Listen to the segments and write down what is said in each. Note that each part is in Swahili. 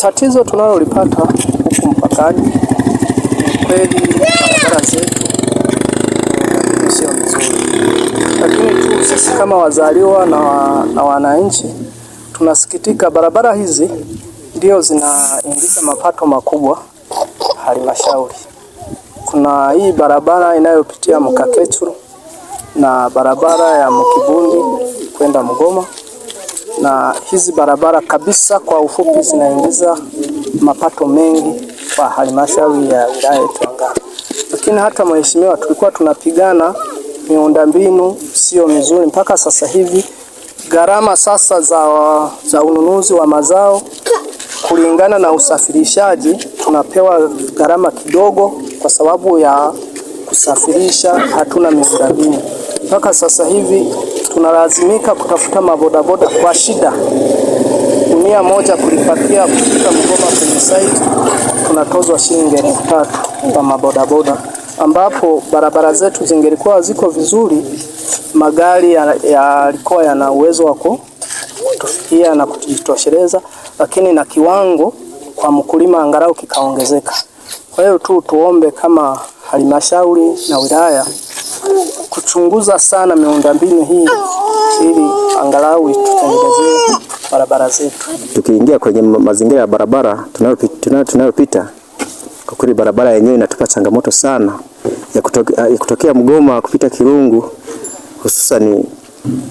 Tatizo tunalolipata huku mpakani kweli, barabara zetu sio nzuri, lakini tu sisi kama wazaliwa na, na wananchi tunasikitika, barabara hizi ndio zinaingiza mapato makubwa halmashauri. Kuna hii barabara inayopitia Mkakechuru na barabara ya Mkibundi kwenda Mgoma na hizi barabara kabisa, kwa ufupi, zinaingiza mapato mengi kwa halmashauri ya wilaya yetu Ngara. Lakini hata mheshimiwa, tulikuwa tunapigana miundombinu sio mizuri mpaka sasa hivi. Gharama sasa za, za ununuzi wa mazao kulingana na usafirishaji tunapewa gharama kidogo, kwa sababu ya kusafirisha hatuna miundombinu mpaka sasa hivi tunalazimika kutafuta mabodaboda kwa shida, dunia moja kulipakia kufika Mgoma kwenye site, tunatozwa shilingi elfu tatu kwa mabodaboda, ambapo barabara zetu zingelikuwa ziko vizuri, magari yalikuwa ya yana uwezo wa kutufikia na kututosheleza, lakini na kiwango kwa mkulima angalau kikaongezeka. Kwa hiyo tu tuombe kama halmashauri na wilaya kuchunguza sana miundombinu hii ili angalau tutengenezee barabara zetu. Tukiingia kwenye mazingira ya barabara tunayopita, kwa kweli barabara yenyewe inatupa changamoto sana ya, kutoke, ya kutokea Mgoma kupita Kirungu hususani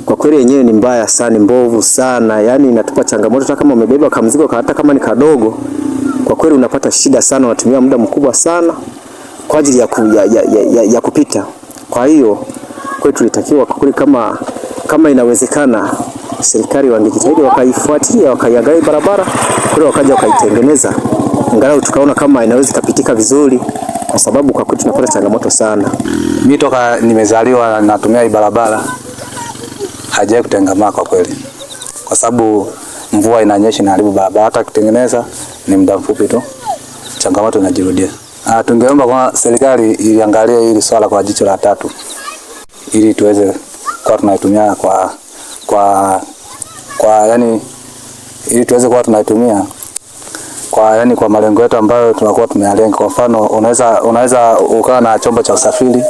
kwa kweli yenyewe ni mbaya sana, ni mbovu sana, yaani inatupa changamoto. Hata kama umebeba kamzigo hata kama ni kadogo, kwa kweli unapata shida sana, unatumia muda mkubwa sana kwa ajili ya, ku, ya, ya, ya, ya kupita. Kwa hiyo kwetu tulitakiwa kwa kama, kama inawezekana serikali wangejitahidi wakaifuatia wakaiangalia barabara kule, wakaja wakaitengeneza, angalau tukaona kama inaweza ikapitika vizuri, kwa sababu kwa kweli tunapata changamoto sana. Mimi toka nimezaliwa natumia hii barabara, hajawahi kutengamaa kwa kweli, kwa sababu mvua inanyesha inaharibu barabara, hata kutengeneza ni muda mfupi tu, changamoto inajirudia. Uh, tungeomba kwa serikali iliangalie hili swala kwa jicho la tatu ili tuweze kuwa tunaitumia kwa, kwa, kwa yani, ili tuweze kuwa tunaitumia kwa yani, kwa malengo yetu ambayo tunakuwa tumealenga Kwa mfano, unaweza unaweza ukawa na chombo cha usafiri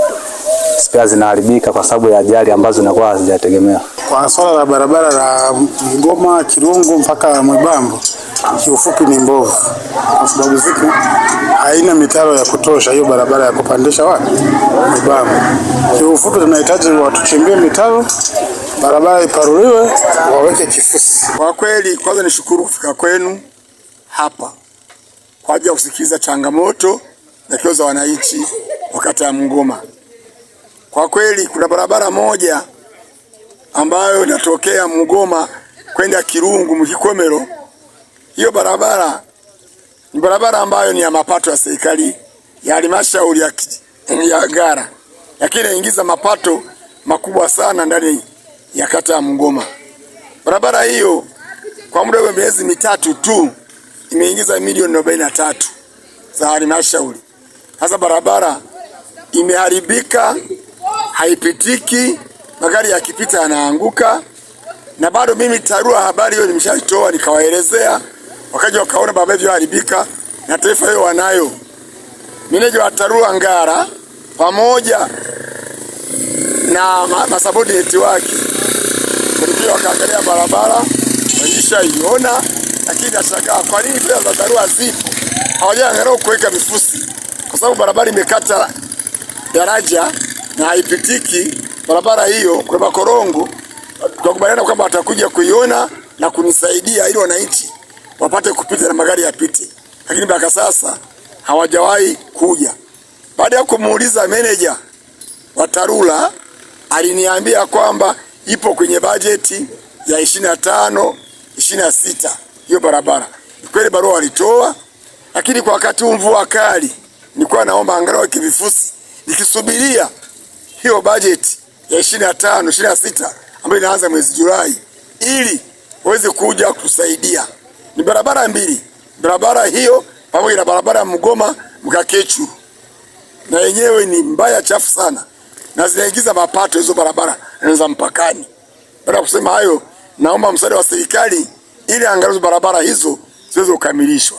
spea zinaharibika kwa sababu ya ajali ambazo zinakuwa hazijategemea. Kwa swala la barabara la Mgoma Kirungu mpaka Mwebambo kiufupi ni mbovu, kwa sababu ziki haina mitaro ya kutosha, hiyo barabara ya kupandisha watu mibavu. Kiufupi tunahitaji watuchimbie mitaro, barabara iparuliwe, waweke kifusi. Kwa kweli, kwanza nishukuru kufika kwenu hapa kwa ajili ya kusikiliza changamoto na kero za wananchi wa kata ya Mngoma. Kwa kweli kuna barabara moja ambayo inatokea mgoma kwenda Kirungu Mkikomero hiyo barabara ni barabara ambayo ni ya mapato ya serikali ya halmashauri ya, ya Ngara, lakini inaingiza mapato makubwa sana ndani ya kata ya Mungoma. Barabara hiyo kwa muda wa miezi mitatu tu imeingiza milioni arobaini na tatu za halmashauri. Sasa barabara imeharibika, haipitiki, magari yakipita yanaanguka, na bado mimi TARURA habari hiyo nimeshaitoa nikawaelezea wakaja wakaona baba ilivyoharibika na taifa hiyo wanayo. Meneja wa TARURA Ngara pamoja na masabodineti wake walikuja wakaangalia barabara walishaiona, lakini nashangaa kwa nini fedha za TARURA zipo, hawajaangalia kuweka mifusi, kwa sababu barabara imekata daraja na haipitiki barabara hiyo. Kuna makorongo, tukakubaliana kwamba watakuja kuiona na kunisaidia ili wananchi wapate kupita na magari yapite, lakini mpaka sasa hawajawahi kuja. Baada ya kumuuliza meneja wa TARURA aliniambia kwamba ipo kwenye bajeti ya ishirini na tano ishirini na sita hiyo barabara. Kweli barua walitoa, lakini kwa wakati huu mvua kali, nilikuwa naomba angalau kivifusi nikisubiria hiyo bajeti ya ishirini na tano ishirini na sita ambayo inaanza mwezi Julai ili waweze kuja kutusaidia ni barabara mbili, barabara hiyo pamoja na barabara ya Mgoma Mkakechu, na yenyewe ni mbaya chafu sana, na zinaingiza mapato hizo barabara za mpakani. Baada ya kusema hayo, naomba msaada wa serikali ili angalizo barabara hizo ziweze kukamilishwa.